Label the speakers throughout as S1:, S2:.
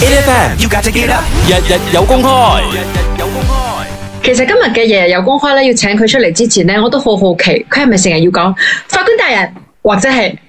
S1: F. 日日有公開，日日有
S2: 公開。其實今日嘅日日有公開呢，要請佢出嚟之前呢，我都好好奇，佢係咪成日要講法官大人或者係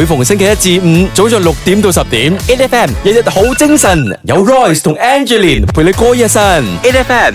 S1: 每逢星期一至五，早上六點到十點，8FM 日日好精神，有 Royce 同 Angelina 陪你歌一身，8FM。